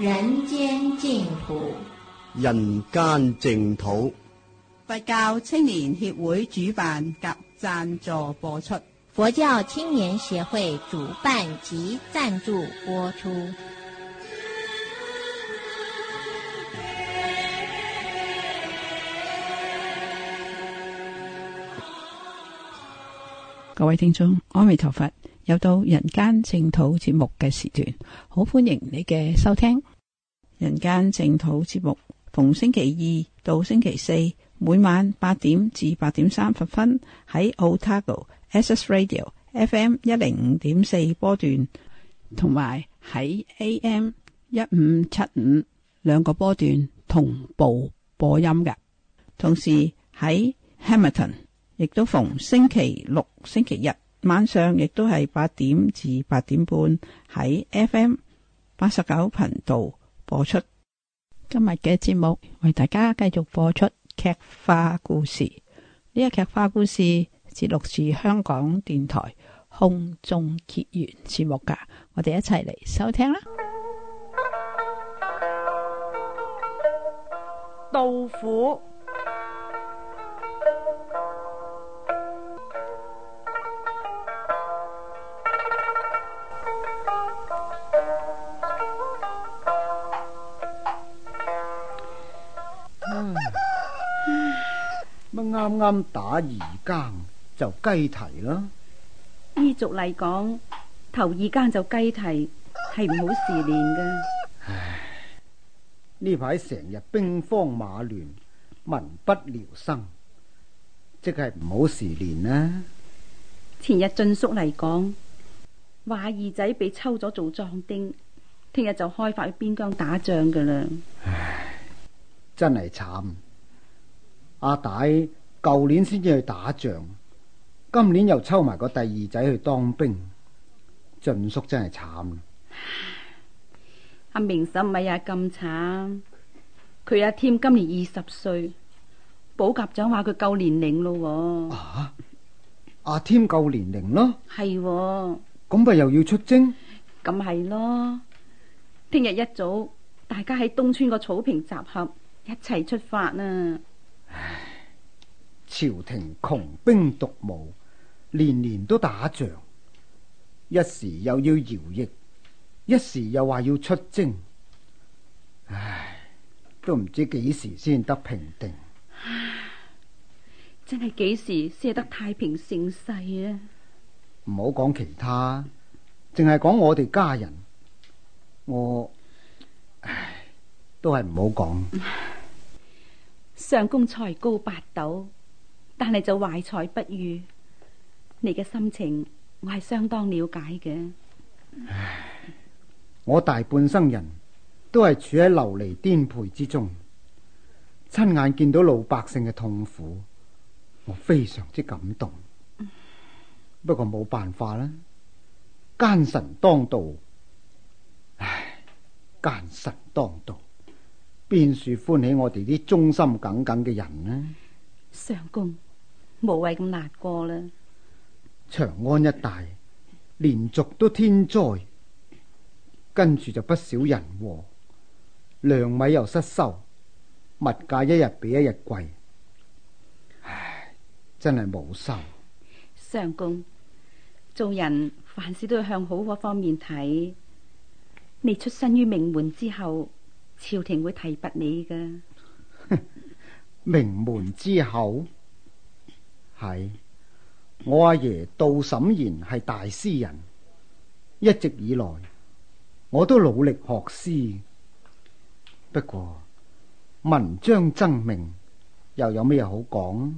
人間淨土，人間淨土。佛教青年協會主辦及贊助播出。佛教青年協會主辦及贊助播出。各位聽眾，阿彌陀佛。又到人間淨土節目嘅時段，好歡迎你嘅收聽。人間淨土節目逢星期二到星期四每晚八點至八點三十分喺 Otago SS Radio FM 一零五點四波段，同埋喺 AM 一五七五兩個波段同步播音嘅。同時喺 Hamilton 亦都逢星期六、星期日。晚上亦都係八點至八點半喺 FM 八十九頻道播出今日嘅節目，為大家繼續播出劇化故事。呢個劇化故事節錄自香港電台《空中結緣》節目噶，我哋一齊嚟收聽啦。杜甫。今打二更就雞啼啦。依俗嚟講，頭二更就雞啼係唔好時練嘅。唉，呢排成日兵荒馬亂，民不聊生，即係唔好時練啦。前日進叔嚟講，二仔被抽咗做壯丁，聽日就開發去邊疆打仗噶啦。唉，真係慘，阿大。舊年先至去打仗，今年又抽埋個第二仔去當兵，俊叔真係慘，阿明嬸咪又咁慘，佢阿添今年二十歲，保甲長話佢夠年齡咯。阿阿添夠年齡咯，係咁咪又要出征？咁係咯，聽日一早大家喺東村個草坪集合，一齊出發啦。朝廷窮兵黷武，年年都打仗，一時又要徭役，一時又話要出征，唉，都唔知幾時先得平定。唉，真係幾時先得太平盛世啊！唔好講其他，淨係講我哋家人，我唉，都係唔好講。相公才高八斗。但係就懷才不遇，你嘅心情我係相當了解嘅。唉，我大半生人都係處喺流離顛沛之中，親眼見到老百姓嘅痛苦，我非常之感動。不過冇辦法啦，奸臣當道，唉，奸臣當道，邊處歡喜我哋啲忠心耿耿嘅人呢？相公。無謂咁難過啦！長安一帶連續都天災，跟住就不少人禍，糧米又失收，物價一日比一日貴，唉，真係無心。相公，做人凡事都要向好嗰方面睇。你出身於名門之後，朝廷會提拔你㗎。 名門之後。係我阿爺杜審言係大詩人，一直以來我都努力學詩。不過文章爭名，又有咩好講？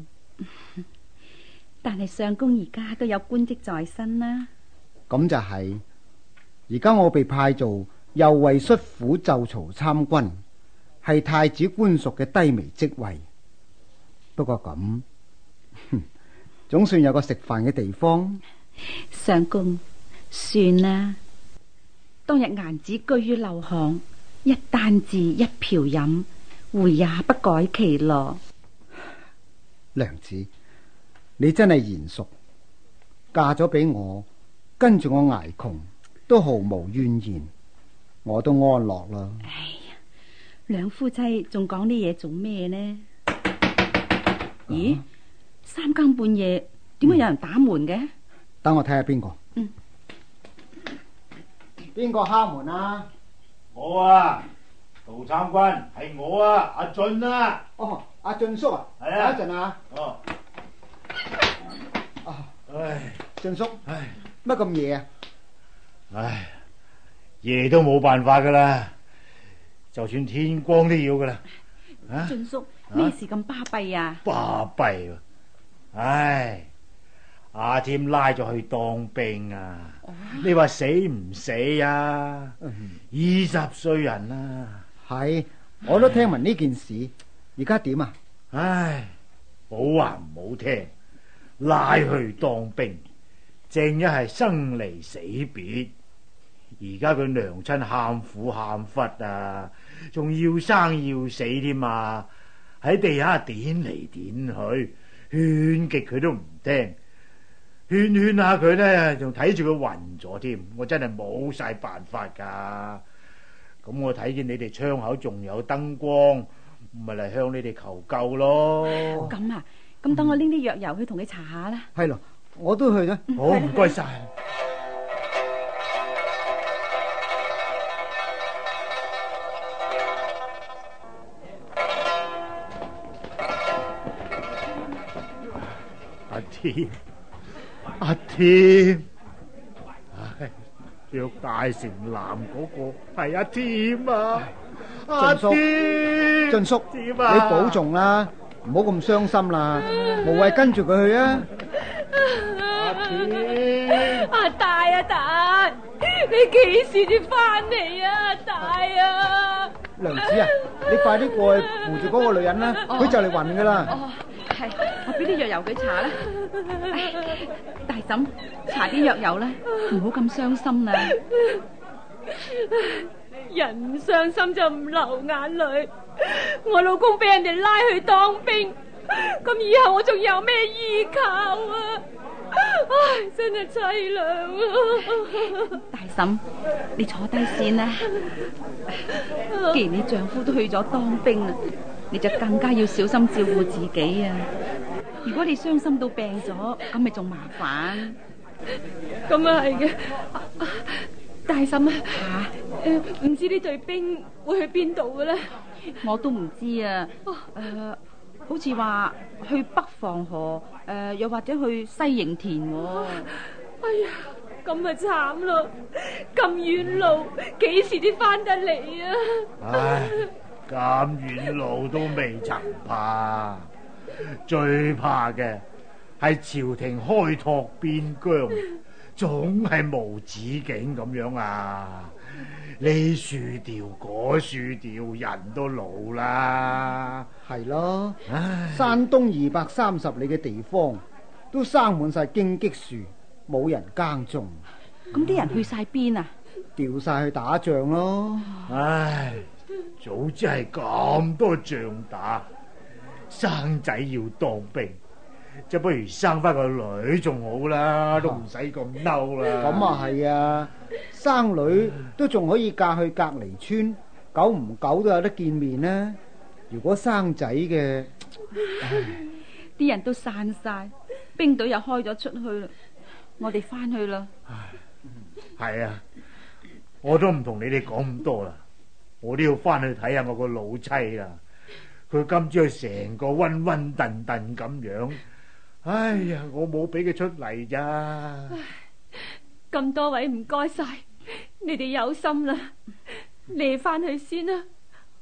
但係上公而家都有官職在身啦、啊。咁就係而家我被派做右衛率府就曹參軍，係太子官屬嘅低微職位。不過咁。總算有個食飯嘅地方，相公算啦。當日顏子居於陋巷，一簞字一瓢飲，回也不改其樂。娘子，你真係賢淑，嫁咗俾我，跟住我挨窮都毫無怨言，我都安樂啦。哎呀，兩夫妻仲講啲嘢做咩呢？咦、啊？啊三更半夜，點解有人打門嘅？等我睇下邊個。嗯。邊個敲門啊？我啊，杜參軍，係我啊，阿俊啊。哦，阿俊叔啊。係啊。等一陣啊。哦。啊。唉，俊叔，唉，乜咁夜啊？唉，夜都冇辦法噶啦，就算天光都要噶啦。俊叔，咩事咁巴閉啊？巴閉啊。唉，阿添拉咗去當兵啊！唉你話死唔死啊？唉二十歲人啦、啊，係我都聽聞呢件事，而家點啊？唉，好話唔好聽，拉去當兵正一係生離死別。而家佢娘親喊苦喊忽啊，仲要生要死添啊！喺地下點嚟點去。勸極佢都唔聽，勸勸下佢咧，仲睇住佢暈咗添，我真係冇晒辦法噶。咁我睇見你哋窗口仲有燈光，咪嚟向你哋求救咯。咁、哦、啊，咁等我拎啲藥油去同你查下啦。係咯，我都去啦。好，唔該晒。阿添，着大城南嗰個係阿添啊！俊叔，俊叔，你保重啦，唔好咁傷心啦，無謂跟住佢去啊！阿添，阿大啊大，你幾時至翻嚟啊？阿大啊！娘子啊，你快啲過去扶住嗰個女人啦，佢就嚟暈噶啦！俾啲藥油佢搽啦，大嬸，搽啲藥油啦，唔好咁傷心啦，啊。人唔傷心就唔流眼淚。我老公俾人哋拉去當兵，咁以後我仲有咩依靠啊？唉，真係淒涼啊！大嬸，你坐低先啦。既然你丈夫都去咗當兵啦，你就更加要小心照顧自己啊！如果你傷心到病咗，咁咪仲麻煩。咁啊係嘅、啊，大嬸啊，唔、呃、知呢隊兵會去邊度嘅咧？我都唔知啊。呃、好似話去北防河，誒、呃，又或者去西營田喎、啊。哎呀，咁啊慘咯！咁遠路，幾時先翻得嚟？啊？唉，咁遠路都未曾怕。最怕嘅係朝廷開拓邊疆， 總係無止境咁樣啊！呢樹掉，嗰樹掉，人都老啦。係咯，唉山東二百三十里嘅地方，都生滿晒荊棘樹，冇人耕種。咁啲、嗯、人去晒邊啊？掉晒去打仗咯！唉，早知係咁多仗打。生仔要當兵，就不如生翻個女仲好啦，都唔使咁嬲啦。咁啊係啊，生女都仲可以嫁去隔籬村，久唔久都有得見面呢。如果生仔嘅，啲人都散晒，兵隊又開咗出去啦，我哋翻去啦。唉，係啊，我都唔同你哋講咁多啦，我都要翻去睇下我個老妻啦。佢今朝係成個瘟瘟燉燉咁樣，哎呀，我冇俾佢出嚟咋。咁多位唔該晒，你哋有心啦，你哋翻去先啦。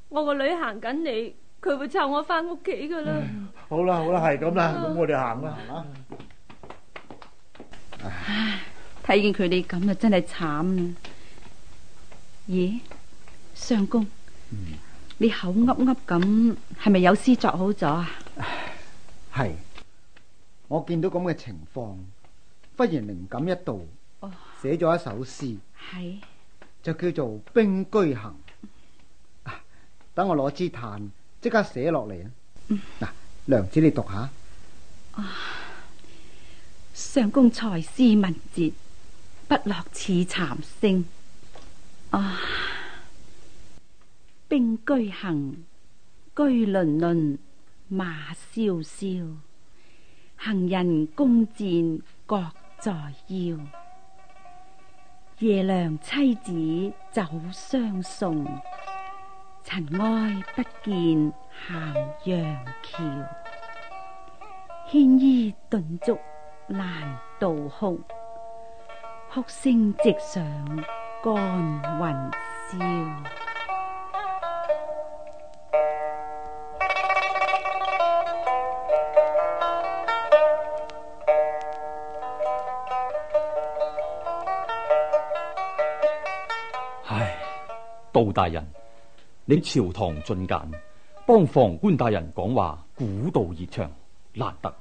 我個女行緊嚟，佢會湊我翻屋企噶啦。好啦好啦，係咁啦，咁我哋行啦。唉，睇見佢哋咁啊，真係慘啊！咦，相公？你口噏噏咁，係咪有詩作好咗啊？係，我見到咁嘅情況，忽然靈感一到，寫咗一首詩，哦、就叫做《兵居行》啊。等我攞支炭，即刻寫落嚟啦。嗱、嗯，娘子你讀下。啊、哦，相公才思敏捷，不落似蟬聲啊！哦兵居行，居輪輪，馬蕭蕭。行人弓箭各在腰，爺娘妻子走相送。塵埃不見咸陽橋，牽衣頓足攔道哭，哭聲直上干雲霄。大人，你朝堂進諫，幫房官大人講話，古道熱腸，難得，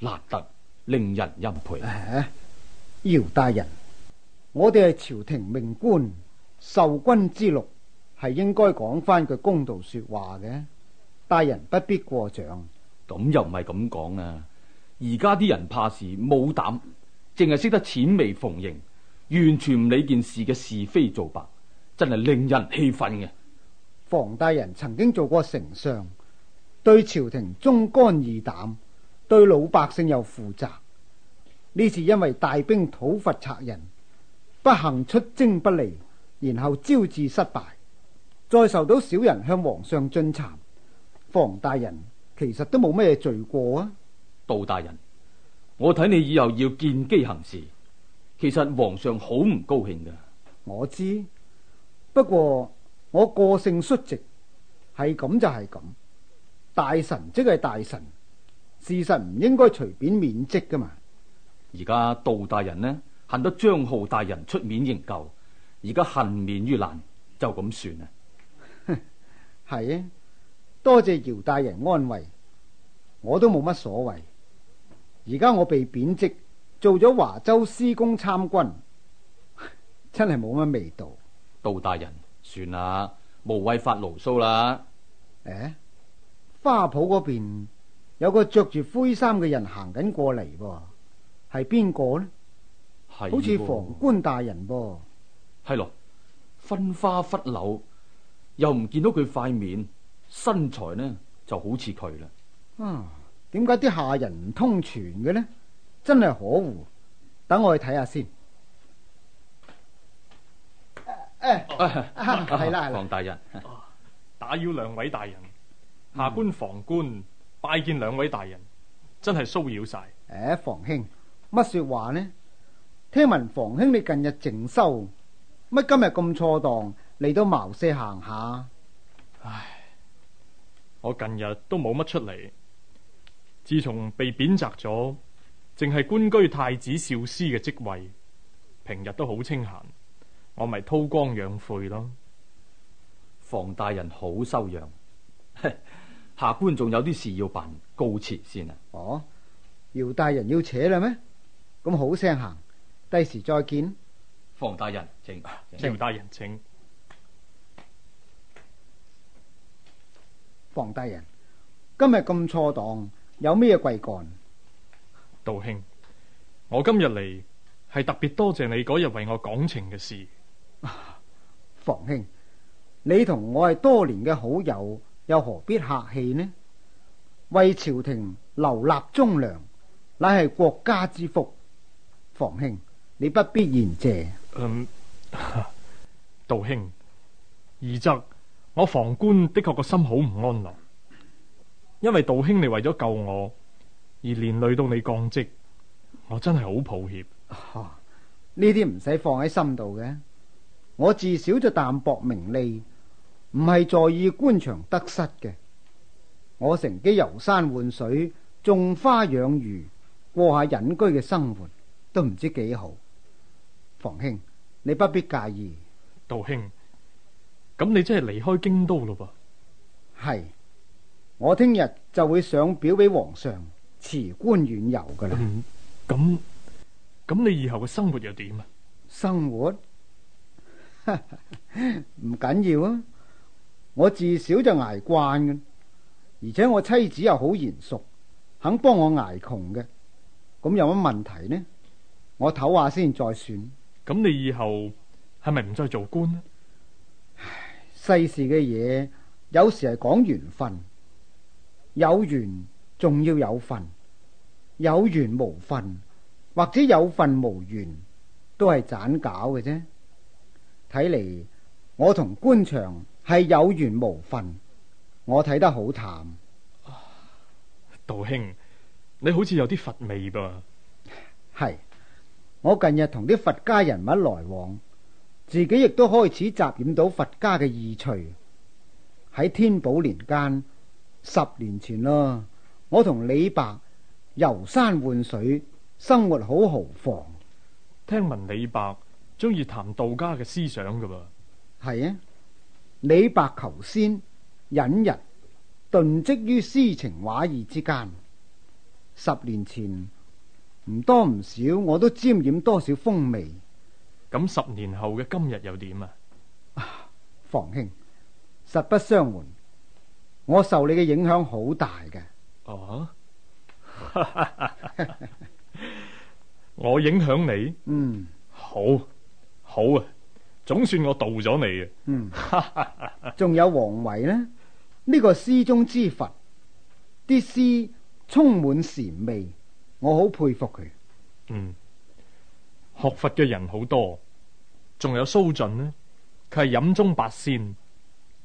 難得，令人欽佩、啊。姚大人，我哋係朝廷命官，受君之祿，係應該講翻句公道說話嘅。大人不必過獎。咁又唔係咁講啦，而家啲人怕事，冇膽，淨係識得淺微逢迎，完全唔理件事嘅是非做白。真係令人氣憤嘅。房大人曾經做過丞相，對朝廷忠肝義膽，對老百姓又負責。呢次因為大兵討伐賊人，不幸出征不利，然後招致失敗，再受到小人向皇上進讒。房大人其實都冇咩罪過啊。杜大人，我睇你以後要見機行事。其實皇上好唔高興㗎。我知。不過我個性率直，係咁就係咁。大臣即係大臣，事實唔應該隨便免職噶嘛。而家杜大人呢，幸得張浩大人出面營救，而家幸免於難，就咁算啦。係 啊，多謝姚大人安慰，我都冇乜所謂。而家我被貶職，做咗華州司功參軍，真係冇乜味道。杜大人，算啦，無謂發牢騷啦。誒、哎，花圃嗰邊有個着住灰衫嘅人行緊過嚟，喎，係邊個呢？係的好似房官大人噃。係咯，分花拂柳，又唔見到佢塊面，身材呢就好似佢啦。啊，點解啲下人唔通傳嘅呢？真係可惡。等我去睇下先。係啦，係房大人，唉打擾兩位大人，下官房官，嗯、拜見兩位大人，真係騷擾晒。誒，房兄，乜說話呢？聽聞房兄你近日靜修，乜今日咁錯蕩嚟到茅舍行下？唉，我近日都冇乜出嚟，自從被貶謫咗，淨係官居太子少師嘅職位，平日都好清閒。我咪韜光養晦咯。房大人好修養。 下官仲有啲事要辦，告辭、啊，告辭先啦。哦，姚大人要扯啦咩？咁好聲行，第時再見。房大人，請，請姚大人請。房大人今日咁錯檔，有咩貴幹？道兄，我今日嚟係特別多謝你嗰日為我講情嘅事。房兄，你同我係多年嘅好友，又何必客氣呢？為朝廷留立忠良，乃係國家之福。房兄，你不必言謝。嗯，道兄，二則我房官的確個心好唔安樂，因為道兄你為咗救我而連累到你降職，我真係好抱歉。呢啲唔使放喺心度嘅。我自少就淡薄名利，唔係在意官場得失嘅。我乘機遊山玩水、種花養魚，過下隱居嘅生活都唔知幾好。房兄，你不必介意。道兄，咁你真係離開京都咯？噃係，我聽日就會上表俾皇上辭官遠遊噶啦。咁咁、嗯嗯嗯，你以後嘅生活又點啊？生活。唔緊要啊！我自小就挨慣嘅，而且我妻子又好賢淑，肯幫我挨窮嘅，咁有乜問題呢？我唞下先再算。咁 你以後係咪唔再做官呢？世事嘅嘢有時係講緣分，有緣仲要有份，有緣無份，或者有份無緣，都係盞搞嘅啫。睇嚟，我同官場係有緣無分，我睇得好淡。道兄，你好似有啲佛味噃。係，我近日同啲佛家人物來往，自己亦都開始習染到佛家嘅意趣。喺天寶年間，十年前咯，我同李白遊山玩水，生活好豪放。聽聞李白。中意談道家嘅思想噶噃，係啊！李白求仙隱逸，遁跡於詩情畫意之間。十年前唔多唔少，我都沾染多少風味。咁十年後嘅今日又點啊？ 房兄，實不相瞞，我受你嘅影響好大嘅。哦， 我影響你？嗯，好。好啊，總算我渡咗你啊！嗯，仲 有王維呢？呢、呢個詩中之佛，啲詩充滿禪味，我好佩服佢。嗯，學佛嘅人好多，仲有蘇晉呢？佢係飲中八仙，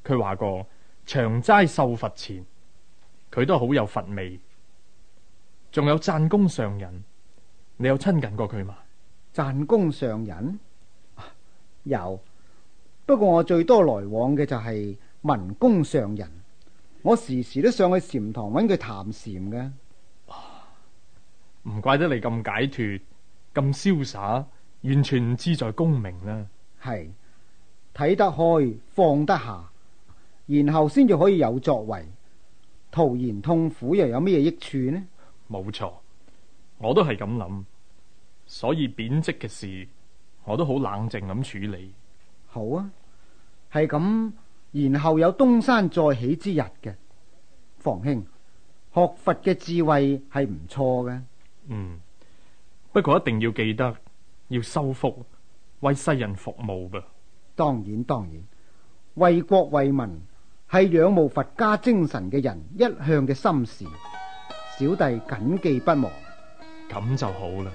佢話過長齋繡佛前，佢都好有佛味。仲有贊公上人，你有親近過佢嘛？贊公上人。有，不過我最多來往嘅就係民公上人，我時時都上去禪堂揾佢談禪嘅。唔怪得你咁解脫、咁瀟灑，完全唔志在功名啦、啊。係睇得開放得下，然後先至可以有作為。徒然痛苦又有咩益處呢？冇錯，我都係咁諗，所以貶職嘅事。我都好冷靜咁處理。好啊，係咁，然後有東山再起之日嘅。房兄，學佛嘅智慧係唔錯嘅。嗯，不過一定要記得要修福，為世人服務噃。當然當然，為國為民係仰慕佛家精神嘅人一向嘅心事，小弟謹記不忘。咁就好啦。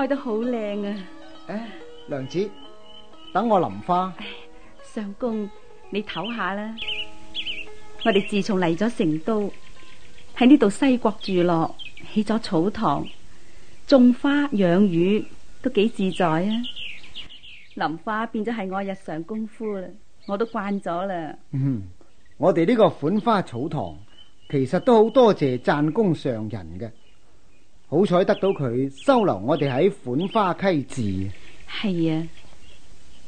開得好靚啊！誒，娘子，等我淋花。相公，你唞下啦。我哋自從嚟咗成都，喺呢度西國住落，起咗草堂，種花養魚，都幾自在啊。淋花變咗係我日常功夫啦，我都慣咗啦。嗯，我哋呢個款花草堂，其實都好多謝讚公上人嘅。好彩得到佢收留我哋喺款花溪寺。係啊，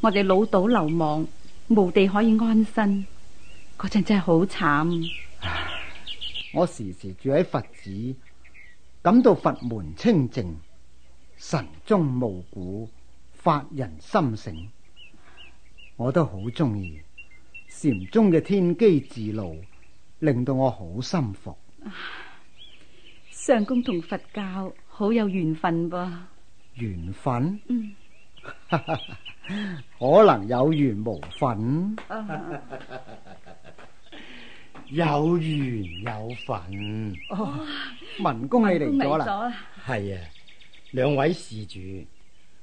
我哋老島流亡，無地可以安身，嗰陣真係好慘。我時時住喺佛寺，感到佛門清淨，神宗無古，發人心醒。我都好中意禪宗嘅天機自露，令到我好心服。上公同佛教好有緣分噃，緣分嗯， 可能有緣無份， 有緣有份。哦、文公係嚟咗啦，係 啊，兩位施主，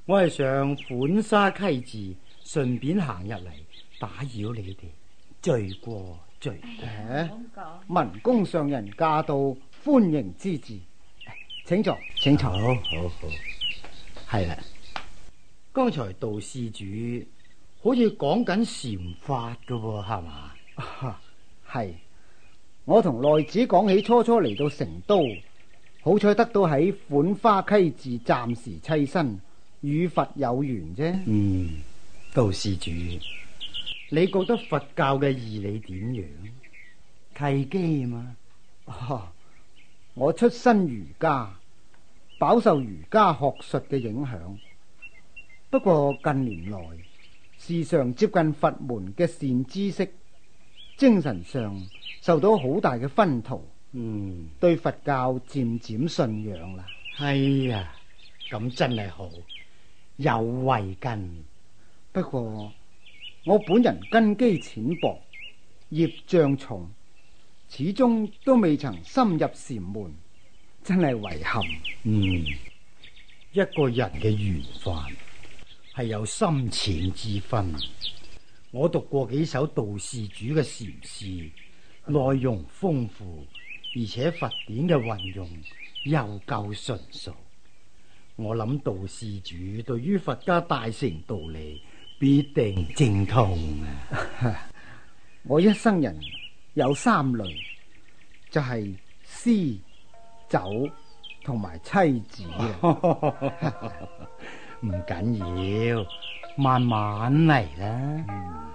我係上款沙溪寺，順便行入嚟，打擾你哋，罪過罪過。哎、呀文公上人駕到。歡迎之至，請坐，請坐，好好係啦。的剛才道事主好似講緊禪法噶喎，係咪？係 我同內子講起初初嚟到成都，好彩得到喺浣花溪寺暫時棲身，與佛有緣啫。嗯，道事主， 你覺得佛教嘅義理點樣契機吖嘛？ 我出身儒家，飽受儒家學術嘅影響。不過近年來，事上接近佛門嘅善知識，精神上受到好大嘅熏陶。嗯，對佛教漸漸信仰啦。係呀、啊，咁真係好有慧根。不過我本人根基淺薄，業障重。始終都未曾深入禪門，真係遺憾。嗯，一個人嘅緣分係有深淺之分。我讀過幾首道士主嘅禪詩，內容豐富，而且佛典嘅運用又夠純熟。我諗道士主對於佛家大乘道理必定精通啊！ 我一生人。有三類，就係詩、酒同埋妻子啊。唔緊要，慢慢嚟啦。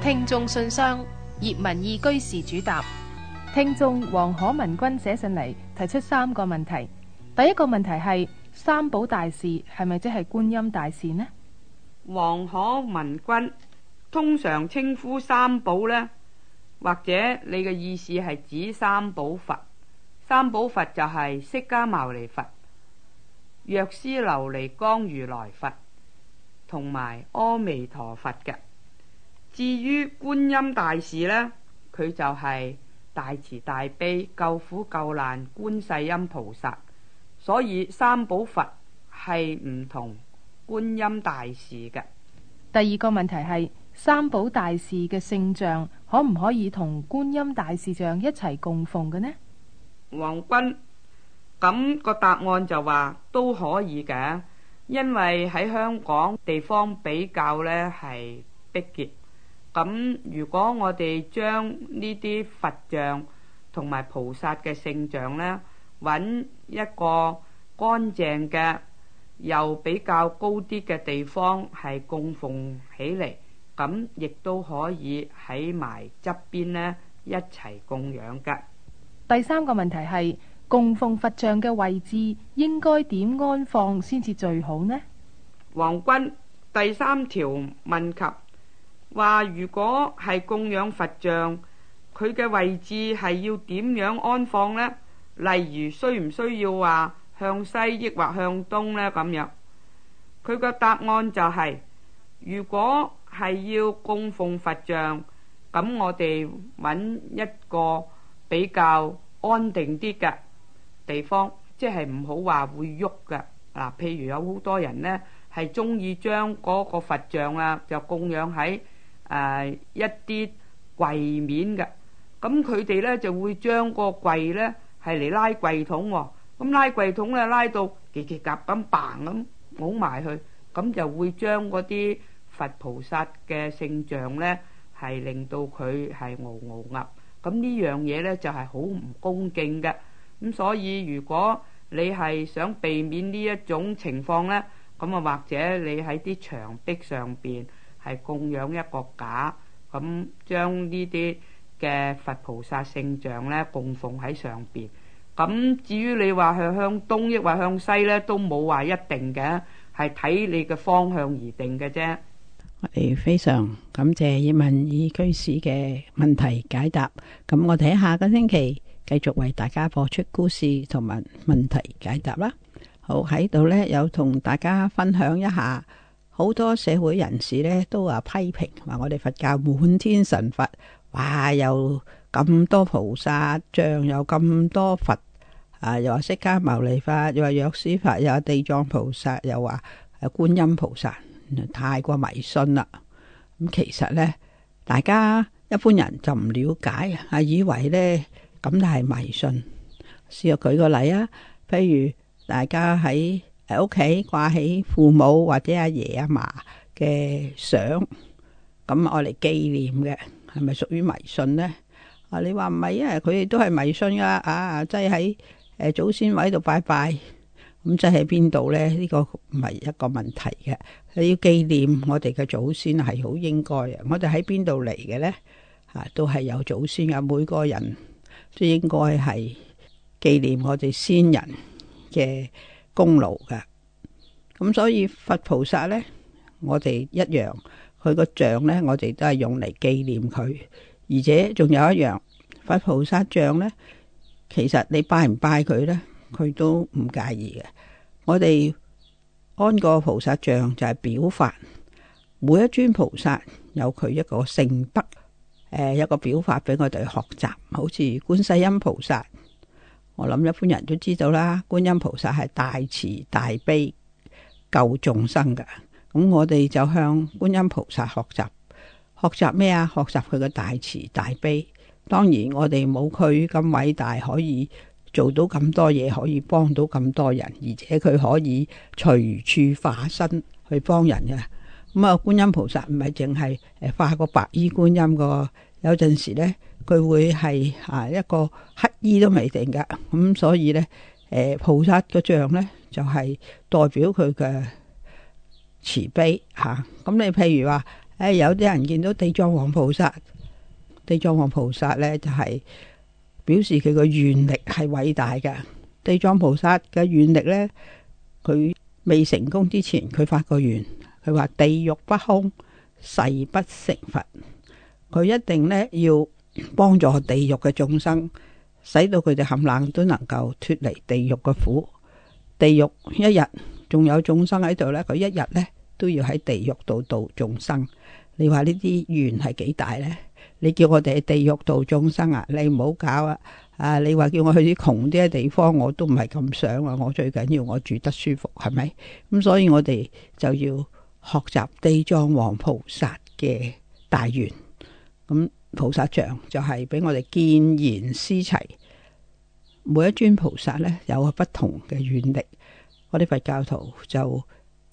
聽眾信箱，葉文義居士主答。聽眾黃可文君寫信嚟，提出三個問題。第一個問題係。三寶大事係咪即係觀音大事呢？黃可文君通常稱呼三寶呢，或者你嘅意思係指三寶佛。三寶佛就係釋迦牟尼佛、藥師琉璃光如來佛同埋阿彌陀佛嘅。至於觀音大事呢，佢就係大慈大悲救苦救難觀世音菩薩。所以三寶佛係唔同觀音大士嘅。第二個問題係三寶大士嘅聖像可唔可以同觀音大士像一齊供奉嘅呢？黃君，咁、那個答案就話都可以嘅，因為喺香港地方比較呢係逼結，咁如果我哋將呢啲佛像同埋菩薩嘅聖像呢，揾一個乾淨嘅又比較高啲嘅地方，係供奉起嚟，咁亦都可以喺埋側邊呢一齊供養嘅。第三個問題係供奉佛像嘅位置應該點安放先至最好呢？王君第三條問及話，如果係供養佛像，佢嘅位置係要點樣安放呢？例如需唔需要話向西抑或向東呢？咁樣佢個答案就係：如果係要供奉佛像，咁我哋揾一個比較安定啲嘅地方，即係唔好話會喐嘅嗱。譬如有好多人呢係中意將嗰個佛像啊，就供養喺誒一啲櫃面嘅，咁佢哋呢就會將個櫃呢。係嚟拉櫃桶喎，咁拉櫃桶咧拉到奇奇甲咁，bang 咁攞埋去，咁就會將嗰啲佛菩薩嘅聖像咧係令到佢係鈎鈎鴨，咁呢樣嘢咧就係好唔恭敬嘅。咁所以如果你係想避免呢一種情況咧，咁啊或者你喺啲牆壁上邊係供養一個架，咁將呢啲。嘅佛菩薩聖像呢，供奉喺上邊。咁至於你話係向東，抑或向西呢，都冇話一定嘅，係睇你嘅方向而定嘅啫。我哋非常感謝葉文宇居士嘅問題解答。咁我哋下個星期繼續為大家播出故事同埋問題解答啦。好，喺度呢，有同大家分享一下，好多社會人士呢都話批評話我哋佛教滿天神佛。哇！又咁多菩薩像，又咁多佛啊！又話釋迦牟尼佛，又話藥師佛，又話地藏菩薩，又話誒觀音菩薩，太過迷信啦。咁其實咧，大家一般人就唔了解啊，以為咧咁就係迷信。試下舉個例啊，譬如大家喺喺屋企掛起父母或者阿爺阿嫲嘅相，咁我嚟紀念嘅。係咪屬於迷信呢？啊，你話唔係，因為佢哋都係迷信噶，啊，即係喺祖先位度拜拜，咁即係喺邊度呢？呢、呢個唔係一個問題嘅。你要紀念我哋嘅祖先係好應該嘅。我哋喺邊度嚟嘅呢？吓、啊，都係有祖先噶。每個人都應該係紀念我哋先人嘅功勞噶。咁所以佛菩薩呢，我哋一樣。佢個像咧，我哋都係用嚟紀念佢，而且仲有一樣佛菩薩像咧，其實你拜唔拜佢咧，佢都唔介意嘅。我哋安個菩薩像就係表法，每一尊菩薩有佢一個性德，誒，一個表法俾我哋學習。好似觀世音菩薩，我諗一般人都知道啦，觀音菩薩係大慈大悲救眾生噶。咁我哋就向觀音菩薩學習，學習咩啊？學習佢嘅大慈大悲。當然我哋冇佢咁偉大，可以做到咁多嘢，可以幫到咁多人，而且佢可以隨處化身去幫人嘅。咁啊，觀音菩薩唔係淨係誒化個白衣觀音噶，有陣時呢，佢會係啊一個黑衣都未定噶。咁所以呢，誒菩薩個像呢，就係代表佢嘅。慈悲吓，咁你譬如話誒、哎、有啲人見到地藏王菩薩，地藏王菩薩咧就係、是、表示佢個願力係偉大嘅。地藏菩薩嘅願力咧，佢未成功之前，佢發個願，佢話地獄不空，誓不成佛。佢一定咧要幫助地獄嘅眾生，使到佢哋冚冷都能夠脱離地獄嘅苦。地獄一日。仲有眾生喺度呢，佢一日呢都要喺地獄度度眾生。你話呢啲願係幾大呢？你叫我哋地獄度眾生啊！你唔好搞啊！啊，你話叫我去啲窮啲嘅地方，我都唔係咁想啊！我最緊要我住得舒服，係咪？咁所以我哋就要學習地藏王菩薩嘅大願。咁菩薩像就係俾我哋見賢思齊。每一尊菩薩呢，有個不同嘅願力。我啲佛教徒就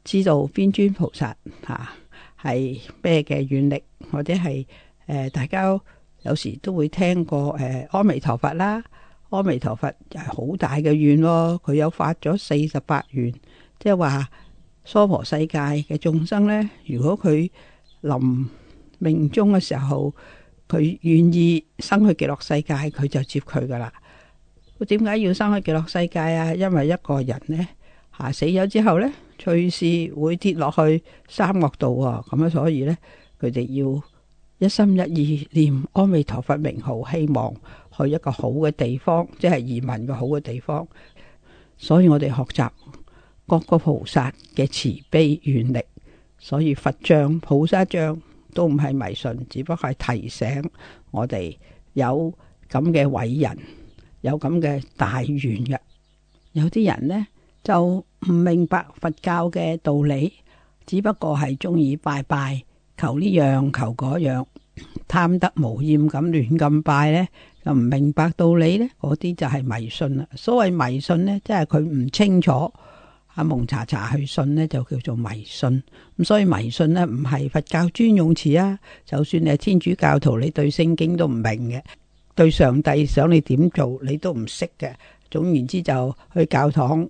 知道邊尊菩薩啊，係咩嘅願力，或者係誒大家有時都會聽過誒阿彌陀佛啦，阿彌陀佛就係好大嘅願咯，佢有發咗四十八願，即係話娑婆世界嘅眾生呢。如果佢臨命終嘅時候，佢願意生去極樂世界，佢就接佢噶啦。我點解要生去極樂世界啊？因為一個人呢。吓，死咗之後呢，隨時會跌落去三惡道啊！咁樣，所以呢，佢哋要一心一意念阿彌陀佛名號，希望去一個好嘅地方，即係移民嘅好嘅地方。所以我哋學習各個菩薩嘅慈悲願力，所以佛像、菩薩像都唔係迷信，只不過係提醒我哋有咁嘅偉人，有咁嘅大願嘅。有啲人呢。」就唔明白佛教嘅道理，只不過係中意拜拜，求呢樣求嗰樣，貪得無厭咁亂咁拜呢，就唔明白道理呢。嗰啲就係迷信啦。所謂迷信呢，即係佢唔清楚。阿蒙查查去信呢，就叫做迷信咁。所以迷信呢，唔係佛教專用詞啊。就算你係天主教徒，你對聖經都唔明嘅，對上帝想你點做你都唔識嘅。總言之，就去教堂。